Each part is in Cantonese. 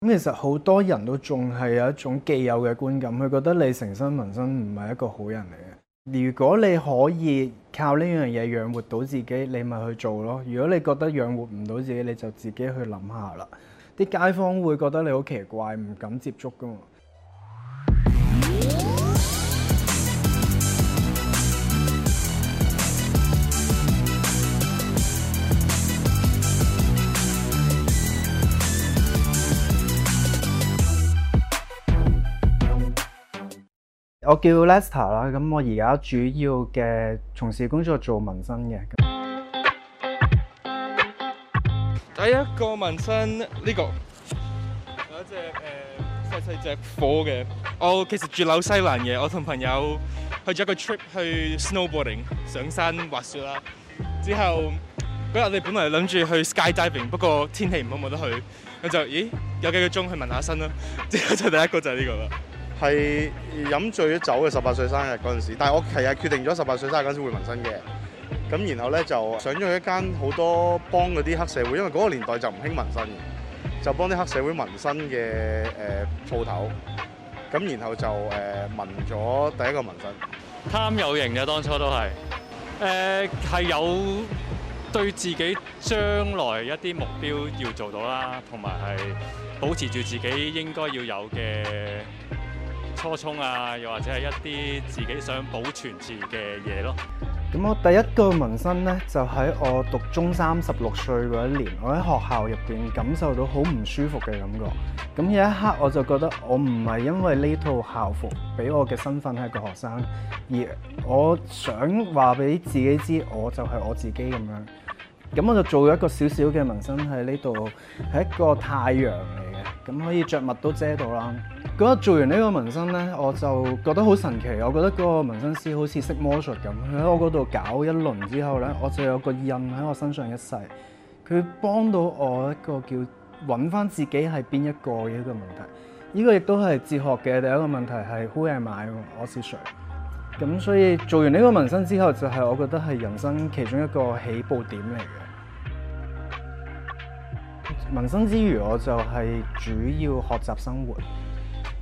咁其實好多人都仲係有一種既有嘅觀感，佢覺得你成身紋身唔係一個好人嚟嘅。如果你可以靠呢樣嘢養活到自己，你咪去做咯。如果你覺得養活唔到自己，你就自己去諗下啦。啲街坊會覺得你好奇怪，唔敢接觸㗎嘛。我叫 Lester 啦，咁我而家主要嘅從事工作做紋身嘅。第一個紋身呢個有一隻誒細細隻火嘅。我其實住紐西蘭嘅，我同朋友去咗個 trip 去 snowboarding 上山滑雪啦。之後嗰日你本來諗住去 skydiving，不過天氣唔好冇得去。我就咦有幾個鐘去紋下身啦。之後就第一個就係呢個啦。係飲醉咗酒嘅十八歲生日嗰陣時，但係我其實決定咗十八歲生日嗰陣時會紋身嘅。咁然後咧就上咗一間好多幫嗰啲黑社會，因為嗰個年代就唔興紋身嘅，就幫啲黑社會紋身嘅誒鋪頭。咁然後就誒、呃、紋咗第一個紋身，貪有型嘅。當初都係誒係有對自己將來一啲目標要做到啦，同埋係保持住自己應該要有嘅初衷啊，又或者係一啲自己想保存住嘅嘢咯。咁我第一個紋身呢，就喺我讀中三十六歲嗰一年，我喺學校入邊感受到好唔舒服嘅感覺。咁有一刻我就覺得，我唔係因為呢套校服俾我嘅身份係個學生，而我想話俾自己知，我就係我自己咁樣。咁我就做咗一個小小嘅紋身喺呢度，係一個太陽嚟嘅，咁可以着物都遮到啦。咁我嗰日做完呢個紋身咧，我就覺得好神奇，我覺得嗰個紋身師好似識魔術咁，喺我嗰度搞一輪之後咧，我就有個印喺我身上一世。佢幫到我一個叫揾返自己係邊一個嘅一個問題，呢個亦都係哲學嘅第一個問題，係 Who am I？我是誰？咁所以做完呢個紋身之後，就係我覺得係人生其中一個起步點嚟嘅。紋身之餘，我就係主要學習生活，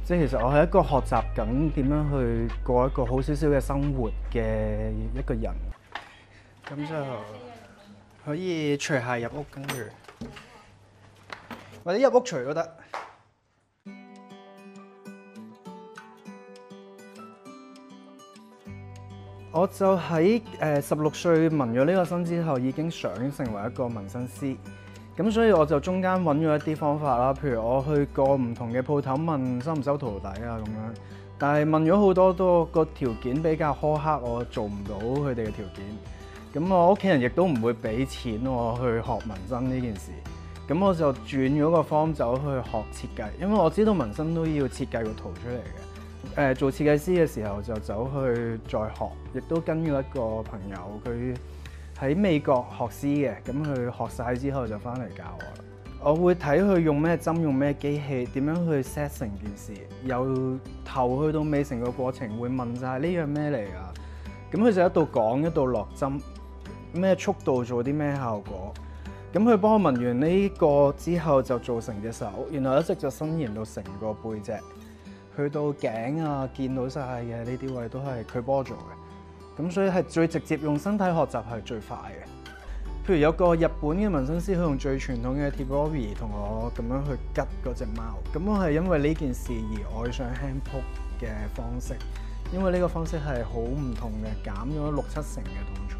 即係其實我係一個學習緊點樣去過一個好少少嘅生活嘅一個人。咁就可以除鞋入屋，跟住或者入屋除都得。我就喺誒十六歲紋咗呢個身之後，已經想成為一個紋身師，咁所以我就中間揾咗一啲方法啦，譬如我去過唔同嘅鋪頭問收唔收徒弟啊咁樣，但係問咗好多都個條件比較苛刻，我做唔到佢哋嘅條件。咁我屋企人亦都唔會俾錢我去學紋身呢件事，咁我就轉咗個方走去學設計，因為我知道紋身都要設計個圖出嚟嘅。誒、呃、做設計師嘅時候就走去再學，亦都跟住一個朋友，佢喺美國學師嘅，咁佢學晒之後就翻嚟教我。我會睇佢用咩針，用咩機器，點樣去 set 成件事，由頭去到尾，成個過程會問晒呢樣咩嚟啊？咁佢就一度講，一度落針，咩速度做啲咩效果。咁佢幫我紋完呢個之後，就做成隻手，然後一直就伸延到成個背脊。去到頸啊，見到晒嘅呢啲位都係佢幫咗嘅，咁所以係最直接用身體學習係最快嘅。譬如有個日本嘅紋身師，佢用最傳統嘅 tebori 同我咁樣去吉嗰隻貓，咁我係因為呢件事而愛上 handpoke 嘅方式，因為呢個方式係好唔同嘅，減咗六七成嘅痛楚。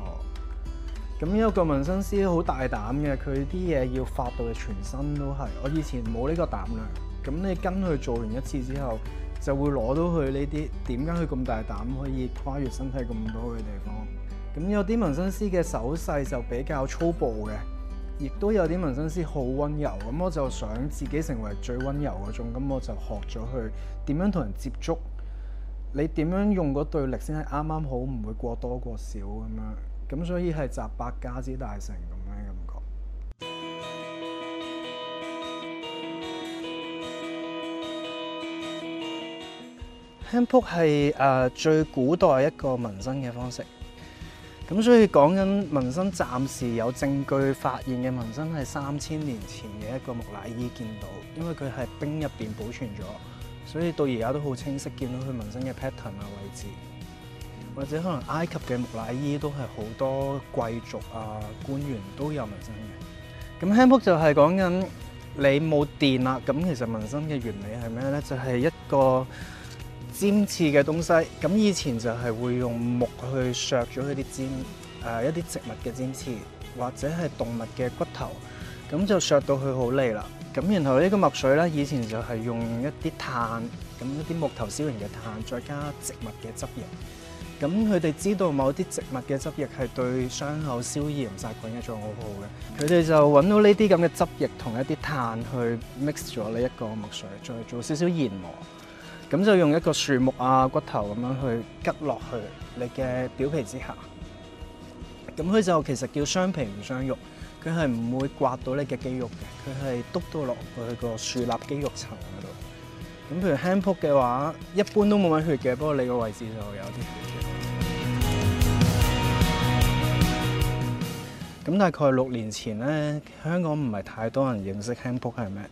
咁因為個紋身師好大膽嘅，佢啲嘢要發到嘅全身都係，我以前冇呢個膽量。咁你跟佢做完一次之後，就會攞到佢呢啲，點解佢咁大膽可以跨越身體咁多嘅地方？咁有啲紋身師嘅手勢就比較粗暴嘅，亦都有啲紋身師好溫柔。咁我就想自己成為最溫柔嗰種，咁我就學咗佢點樣同人接觸，你點樣用嗰對力先係啱啱好，唔會過多過少咁樣。咁所以係集百家之大成。hand poke 係誒最古代一個紋身嘅方式，咁所以講緊紋身暫時有證據發現嘅紋身係三千年前嘅一個木乃伊見到，因為佢係冰入邊保存咗，所以到而家都好清晰見到佢紋身嘅 pattern 啊，位置，或者可能埃及嘅木乃伊都係好多貴族啊，官員都有紋身嘅。咁 hand poke 就係講緊你冇電啦。咁其實紋身嘅原理係咩咧？就係、是、一個。尖刺嘅東西，咁以前就係會用木去削咗佢啲尖，誒、呃、一啲植物嘅尖刺，或者係動物嘅骨頭，咁就削到佢好利啦。咁然後呢個墨水呢，以前就係用一啲炭，咁一啲木頭燒完嘅炭，再加植物嘅汁液。咁佢哋知道某啲植物嘅汁液係對傷口消炎殺菌嘅作用好好嘅，佢哋就揾到呢啲咁嘅汁液同一啲炭去 mix 咗呢一個墨水，再做少少研磨。咁就用一個樹木啊、骨頭咁樣去拮落去你嘅表皮之下。咁佢就其實叫傷皮唔傷肉，佢係唔會刮到你嘅肌肉嘅，佢係督到落去個樹立肌肉層嗰度。咁譬如 hand poke 嘅話，一般都冇乜血嘅，不過你個位置就有啲血嘅。咁大概六年前咧，香港唔係太多人認識 hand poke 係咩？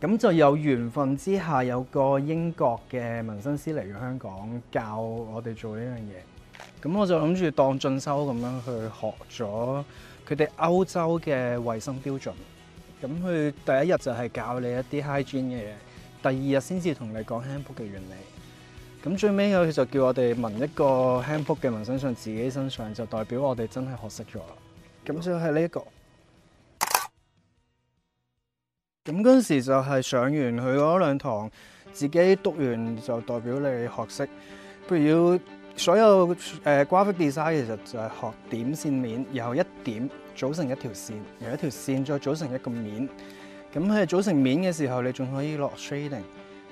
咁就有緣分之下，有個英國嘅紋身師嚟咗香港教我哋做呢樣嘢。咁我就諗住當進修咁樣去學咗佢哋歐洲嘅衛生標準。咁佢第一日就係教你一啲 hygiene 嘅嘢，第二日先至同你講 handbook 嘅原理。咁最尾佢就叫我哋紋一個 handbook 嘅紋身上自己身上，就代表我哋真係學識咗啦。咁就係呢一個。咁嗰陣時就係上完佢嗰兩堂，自己讀完就代表你學識。譬如要所有誒、graphic design 其實就係學點線面，由一點組成一條線，由一條線再組成一個面。咁喺組成面嘅時候，你仲可以落 trading。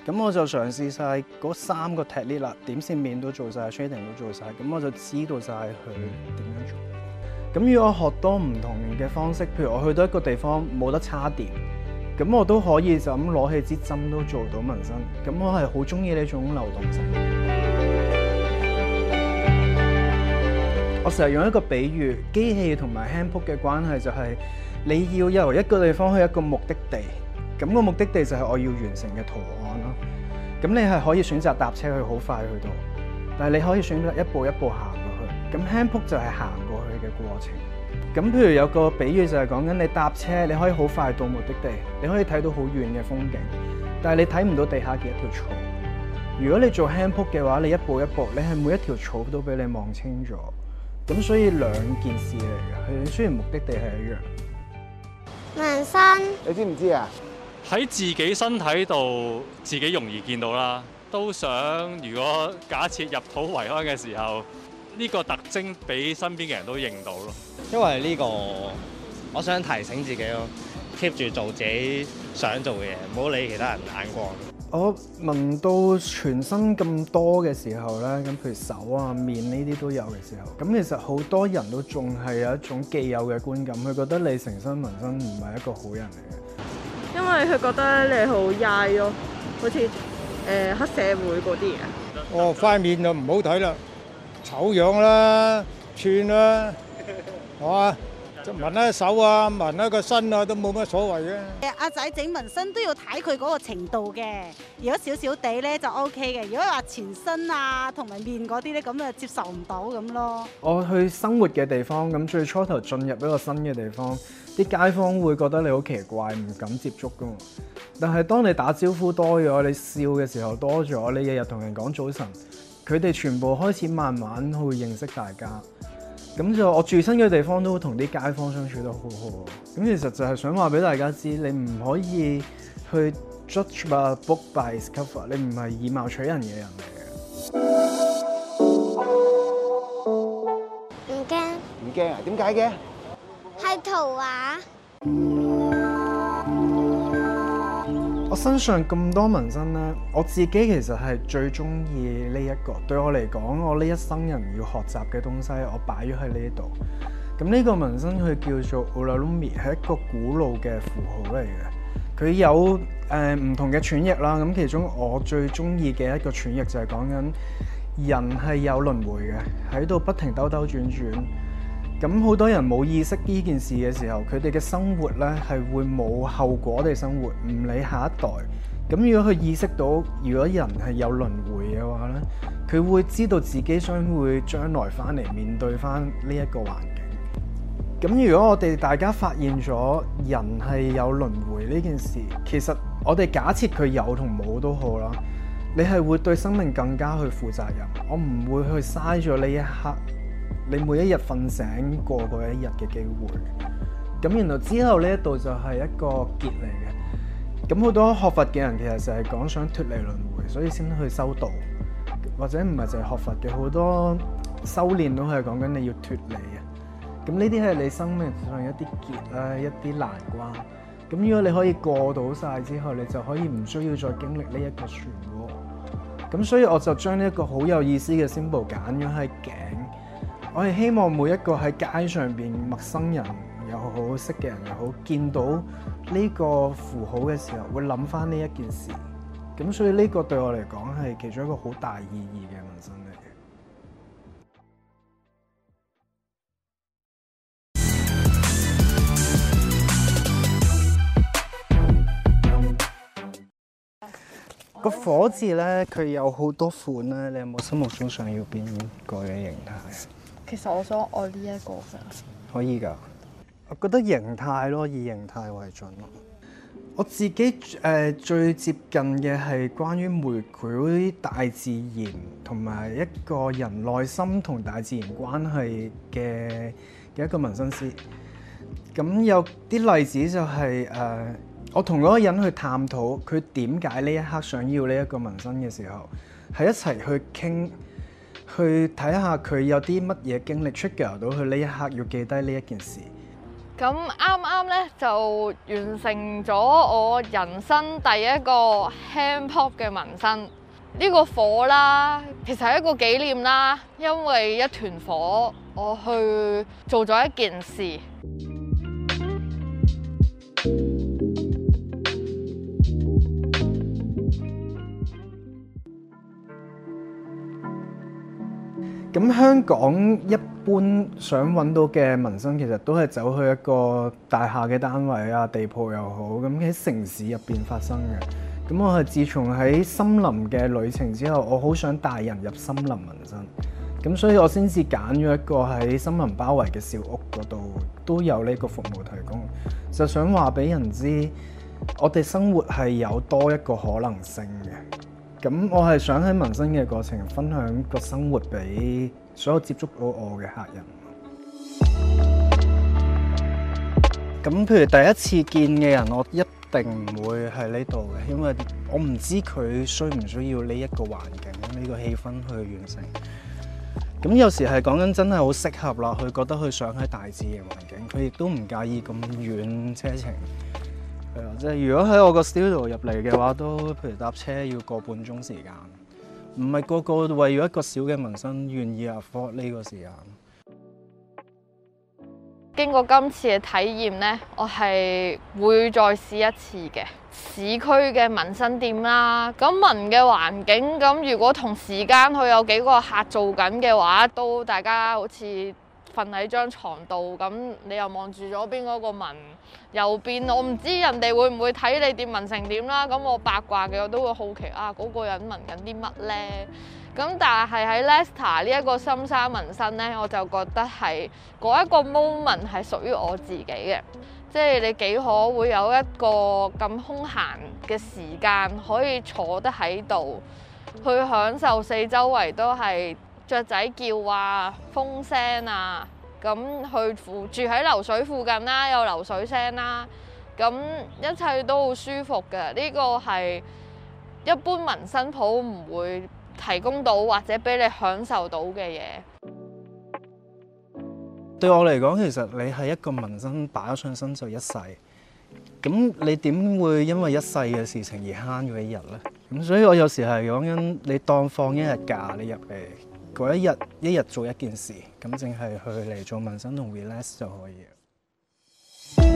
咁我就嘗試晒嗰三個踢裂啦，點線面都做晒，trading 都做晒。咁我就知道晒佢點樣做。咁如果學多唔同嘅方式，譬如我去到一個地方冇得叉電。咁我都可以就咁攞起支針都做到紋身，咁我係好中意呢種流動性。 我成日用一個比喻，機器同埋 handpoke 嘅關係就係、是、你要由一個地方去一個目的地，咁、那個目的地就係我要完成嘅圖案咯。咁你係可以選擇搭車去好快去到，但係你可以選擇一步一步行過去。咁 handpoke 就係行過去嘅過程。咁譬如有個比喻就係講緊你搭車，你可以好快到目的地，你可以睇到好遠嘅風景，但係你睇唔到地下嘅一條草。如果你做 hand poke 嘅話，你一步一步，你係每一條草都俾你望清楚。咁所以兩件事嚟㗎，佢雖然目的地係一樣。紋身，你知唔知啊？喺自己身體度，自己容易見到啦。都想如果假設入土為安嘅時候。呢個特徵俾身邊嘅人都認到咯，因為呢個我想提醒自己咯，keep 住做自己想做嘅嘢，唔好理其他人眼光。我紋到全身咁多嘅時候咧，咁譬如手啊、面呢啲都有嘅時候，咁其實好多人都仲係有一種既有嘅觀感，佢覺得你成身紋身唔係一個好人嚟嘅，因為佢覺得你好曳咯，好似誒、呃、黑社會嗰啲人。哦，塊面就唔好睇啦。醜樣啦，串啦、啊，好嘛、 啊？就紋一下手啊，紋一個身啊，都冇乜所謂嘅。阿、啊、仔整紋身都要睇佢嗰個程度嘅。如果少少地咧就 OK 嘅。如果話全身啊同埋面嗰啲咧，咁啊接受唔到咁咯。我去生活嘅地方，咁最初頭進入一個新嘅地方，啲街坊會覺得你好奇怪，唔敢接觸噶嘛。但係當你打招呼多咗，你笑嘅時候多咗，你日日同人講早晨。佢哋全部開始慢慢去認識大家，咁就我住新嘅地方都同啲街坊相處得好好。咁其實就係想話俾大家知，你唔可以去 judge a book by cover，你唔係以貌取人嘅人嚟嘅。唔驚？唔驚啊？點解嘅？係圖畫。身上咁多紋身呢，我自己其實係最中意呢一個。對我嚟講，我呢一生人要學習嘅東西，我擺咗喺呢度。咁呢個紋身佢叫做 Ouroboros 係一個古老嘅符號嚟嘅。佢有誒唔、呃、同嘅詮釋啦。咁其中我最中意嘅一個詮釋就係講緊人係有輪迴嘅，喺度不停兜兜轉轉。咁好多人冇意識呢件事嘅時候，佢哋嘅生活呢係會冇後果地生活，唔理下一代。咁如果佢意識到，如果人係有輪迴嘅話呢，佢會知道自己將會將來翻嚟面對翻呢一個環境。咁如果我哋大家發現咗人係有輪迴呢件事，其實我哋假設佢有同冇都好啦，你係會對生命更加去負責任。我唔會去嘥咗呢一刻。你每一日瞓醒過過一日嘅機會，咁然後之後呢一度就係一個結嚟嘅。咁好多學佛嘅人其實就係講想脫離輪迴，所以先去修道，或者唔係淨係學佛嘅好多修煉都係講緊你要脫離啊。咁呢啲係你生命上一啲結啦，一啲難關。咁如果你可以過到晒之後，你就可以唔需要再經歷呢一個漩渦。咁所以我就將呢一個好有意思嘅 symbol 揀咗喺頸。我係希望每一個喺街上邊陌生人，又好識嘅人又好，見到呢個符號嘅時候，會諗返呢一件事。咁所以呢個對我嚟講係其中一個好大意義嘅紋身嚟嘅。 個火字咧，佢有好多款咧。你有冇心目中想要邊個嘅形態？其實我想愛呢、這、一個可以㗎。我覺得形態咯，以形態為準咯。我自己誒、呃、最接近嘅係關於玫瑰、大自然同埋一個人內心同大自然關係嘅嘅一個紋身師。咁有啲例子就係、是、誒、呃，我同嗰個人去探討佢點解呢一刻想要呢一個紋身嘅時候，係一齊去傾。去睇下佢有啲乜嘢經歷 trigger 到佢呢一刻要記低呢一件事。咁啱啱咧就完成咗我人生第一個 hand pop 嘅紋身。呢個火啦，其實係一個紀念啦，因為一團火，我去做咗一件事。咁香港一般想揾到嘅紋身其實都係走去一個大廈嘅單位啊、地鋪又好，咁喺城市入邊發生嘅。咁我係自從喺森林嘅旅程之後，我好想帶人入森林紋身，咁所以我先至揀咗一個喺森林包圍嘅小屋嗰度都有呢個服務提供，就想話俾人知，我哋生活係有多一個可能性嘅。咁我係想喺紋身嘅過程分享個生活俾所有接觸到我嘅客人。咁譬如第一次見嘅人，我一定唔會喺呢度嘅，因為我唔知佢需唔需要呢一個環境、呢個氣氛去完成。咁有時係講緊真係好適合喇，佢覺得佢想喺大自然環境，佢亦都唔介意咁遠車程。係啊，即係如果喺我個 studio 入嚟嘅話，都譬如搭車要個半鐘時間，唔係個個為咗一個小嘅紋身願意啊 for 呢個時間。經過今次嘅體驗呢，我係會再試一次嘅市區嘅紋身店啦。咁紋嘅環境，咁如果同時間佢有幾個客做緊嘅話，都大家好似，瞓喺張床度，咁你又望住左邊嗰個紋，右邊我唔知人哋會唔會睇你疊紋成點啦。咁我八卦嘅，我都會好奇啊，嗰個人紋緊啲乜呢？咁但係喺 Lester 呢一個深沙紋身呢，我就覺得係嗰一個 moment 係屬於我自己嘅，即係你幾可會有一個咁空閒嘅時間，可以坐得喺度去享受四周圍都係雀仔叫啊，風聲啊，咁去附住喺流水附近啦、啊，有流水聲啦、啊，咁、嗯、一切都好舒服嘅。呢個係一般紋身鋪唔會提供到或者俾你享受到嘅嘢。對我嚟講，其實你係一個紋身，擺咗上身就一世。咁你點會因為一世嘅事情而慳咗一日呢？咁所以我有時係講緊你當放一日假，你入嚟。嗰一日一日做一件事，咁淨係去嚟做紋身同 relax 就可以。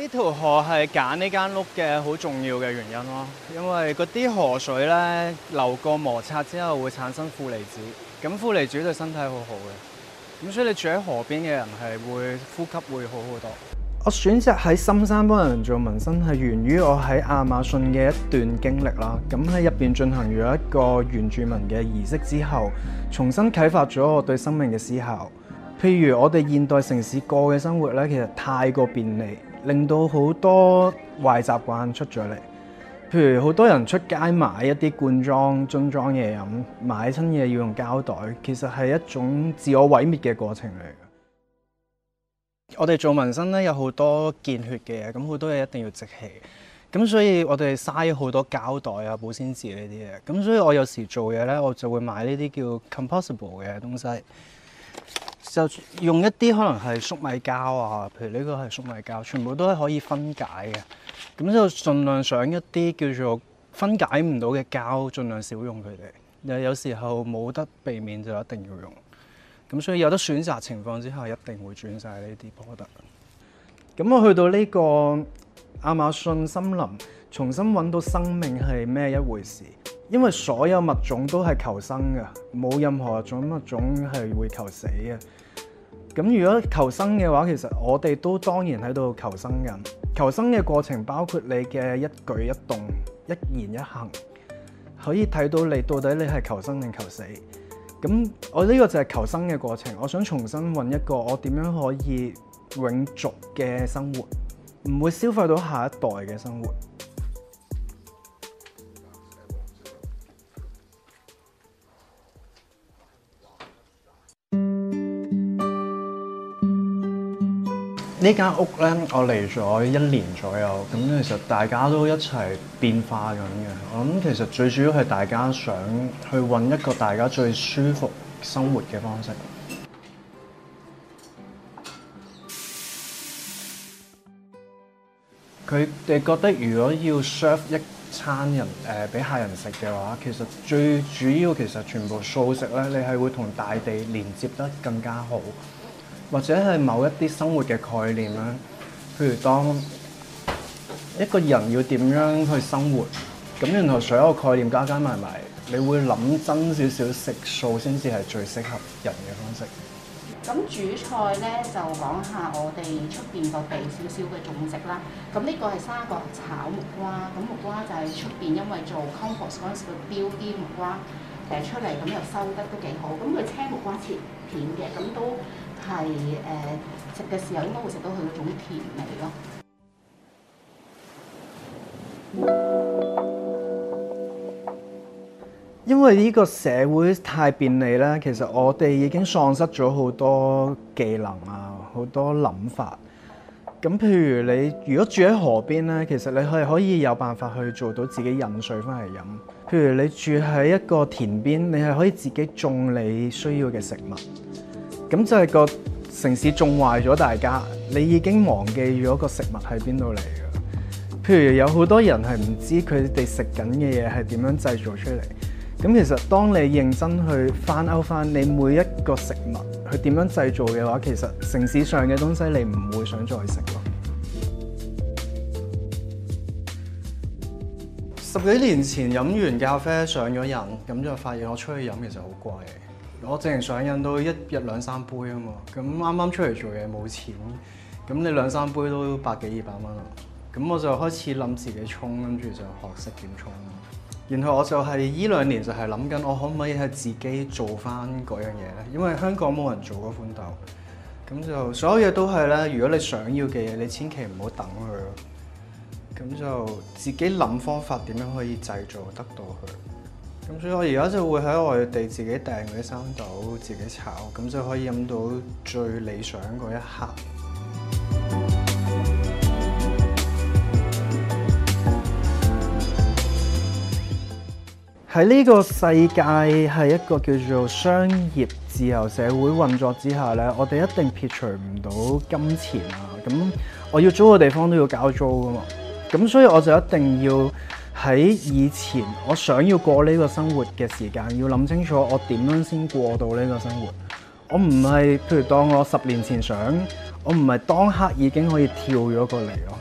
呢條河係揀呢間屋嘅好重要嘅原因咯，因為嗰啲河水咧流過摩擦之後會產生負離子，咁負離子對身體好好嘅。咁所以你住喺河邊嘅人係會呼吸會好好多。我選擇喺深山幫人做紋身，係源於我喺亞馬遜嘅一段經歷啦。咁喺入邊進行咗一個原住民嘅儀式之後，重新啟發咗我對生命嘅思考。譬如我哋現代城市過嘅生活咧，其實太過便利，令到好多壞習慣出咗嚟。譬如好多人出街買一啲罐裝、樽裝嘢飲，買親嘢要用膠袋，其實係一種自我毀滅嘅過程嚟。我哋做紋身咧有好多見血嘅嘢，咁好多嘢一定要止血，咁所以我哋嘥好多膠袋啊、保鮮紙呢啲嘢。咁所以我有時做嘢咧，我就會買呢啲叫 composable 嘅東西，就用一啲可能係粟米膠啊，譬如呢個係粟米膠，全部都係可以分解嘅，咁就儘量想一啲叫做分解唔到嘅膠，儘量少用佢哋，有時候冇得避免就一定要用。咁所以有得選擇情況之下，一定會轉晒呢啲波特。咁我去到呢個亞馬遜森林，重新揾到生命係咩一回事？因為所有物種都係求生嘅，冇任何種物種係會求死嘅。咁如果求生嘅話，其實我哋都當然喺度求生嘅。求生嘅過程包括你嘅一舉一動、一言一行，可以睇到你到底你係求生定求死。咁我呢個就係求生嘅過程，我想重新搵一個我點樣可以永續嘅生活，唔會消費到下一代嘅生活。呢間屋咧，我嚟咗一年左右，咁其實大家都一齊變化緊嘅。我諗其實最主要係大家想去搵一個大家最舒服生活嘅方式。佢哋 覺得如果要 serve 一餐人誒俾、呃、客人食嘅話，其實最主要其實全部素食咧，你係會同大地連接得更加好。或者係某一啲生活嘅概念啦，譬如當一個人要點樣去生活，咁然後所有概念加加埋埋，你會諗真少少食素先至係最適合人嘅方式。咁主菜咧就講下我哋出邊個地少少嘅種植啦。咁呢個係沙葛炒木瓜，咁木瓜就係出邊因為做 compost 嗰陣時會標啲木瓜誒出嚟，咁又收得都幾好。咁佢青木瓜切片嘅，咁都～係誒食嘅時候應該會食到佢嗰種甜味咯。因為呢個社會太便利咧，其實我哋已經喪失咗好多技能啊，好多諗法。咁譬如你如果住喺河邊咧，其實你係可以有辦法去做到自己引水翻嚟飲。譬如你住喺一個田邊，你係可以自己種你需要嘅食物。咁就係個城市縱壞咗，大家你已經忘記咗個食物喺邊度嚟嘅。譬如有好多人係唔知佢哋食緊嘅嘢係點樣製作出嚟。咁其實當你認真去翻摳翻你每一個食物佢點樣製造嘅話，其實城市上嘅東西你唔會想再食咯。十幾年前飲完咖啡上咗癮，咁就發現我出去飲其實好貴。我淨係上癮到一日兩三杯啊嘛，咁啱啱出嚟做嘢冇錢，咁你兩三杯都百幾二百蚊啊，咁我就開始諗自己沖，跟住就學識點沖。然後我就係依兩年就係諗緊，我可唔可以係自己做翻嗰樣嘢咧？因為香港冇人做嗰款豆，咁就所有嘢都係咧。如果你想要嘅嘢，你千祈唔好等佢咯。咁就自己諗方法點樣可以製造得到佢。咁所以，我而家就會喺外地自己訂嗰啲生豆，自己炒，咁就可以飲到最理想嗰一刻。喺呢個世界，係一個叫做商業自由社會運作之下咧，我哋一定撇除唔到金錢啊！咁我要租嘅地方都要交租噶嘛，咁所以我就一定要。喺以前，我想要過呢個生活嘅時間，要諗清楚我點樣先過到呢個生活。我唔係，譬如當我十年前想，我唔係當刻已經可以跳咗過嚟咯。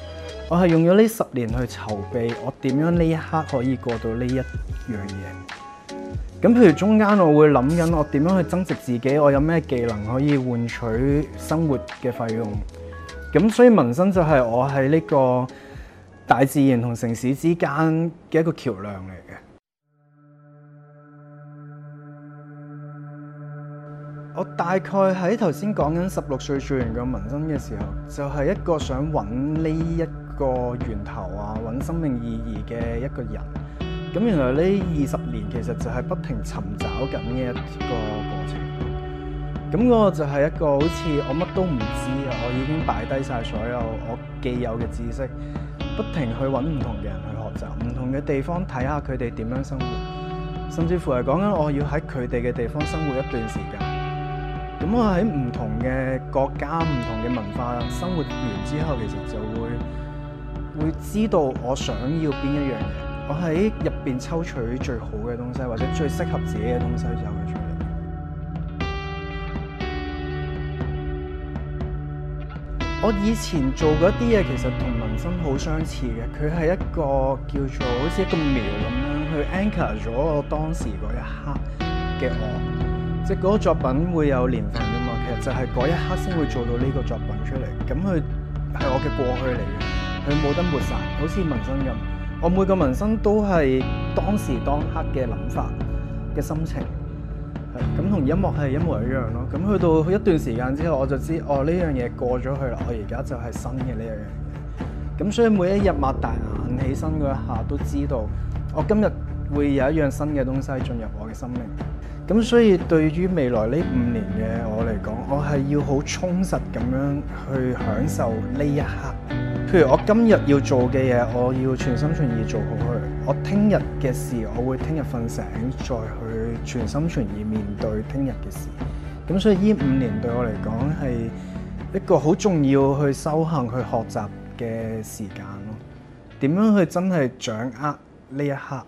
我係用咗呢十年去籌備，我點樣呢一刻可以過到呢一樣嘢。咁譬如中間我會諗緊，我點樣去增值自己，我有咩技能可以換取生活嘅費用。咁所以紋身就係我喺呢、這個大自然同城市之間嘅一個橋梁嚟嘅。我大概喺頭先講緊十六歲做完個紋身嘅時候，就係一個想揾呢一個源頭啊，揾生命意義嘅一個人。咁原來呢二十年其實就係不停尋找緊嘅一個過程。咁、那、嗰個就係一個好似我乜都唔知啊，我已經擺低晒所有我既有嘅知識。不停去揾唔同嘅人去學習，唔同嘅地方睇下佢哋點樣生活，甚至乎係講緊我要喺佢哋嘅地方生活一段時間，咁我喺唔同嘅國家、唔同嘅文化生活完之後，其實就會會知道我想要邊一樣嘢。我喺入邊抽取最好嘅東西，或者最適合自己嘅東西就去。我以前做嗰啲嘢，其實同紋身好相似嘅。佢係一個叫做好似一個苗咁樣，去 anchor 咗我當時嗰一刻嘅我，即係嗰個作品會有年份噶嘛。其實就係嗰一刻先會做到呢個作品出嚟。咁佢係我嘅過去嚟嘅，佢冇得抹殺。好似紋身咁，我每個紋身都係當時當刻嘅諗法嘅心情。咁同音樂係一模一樣咯。咁去到一段時間之後，我就知，哦呢樣嘢過咗去啦。我而家就係新嘅呢樣嘢。咁所以每一日擘大眼起身嗰一下，都知道我今日會有一樣新嘅東西進入我嘅生命。咁所以對於未來呢五年嘅我嚟講，我係要好充實咁樣去享受呢一刻。譬如我今日要做嘅嘢，我要全心全意做好佢；我聽日嘅事，我會聽日瞓醒再去全心全意面對聽日嘅事。咁所以呢五年對我嚟講，係一個好重要去修行、去學習嘅時間咯。點樣去真係掌握呢一刻？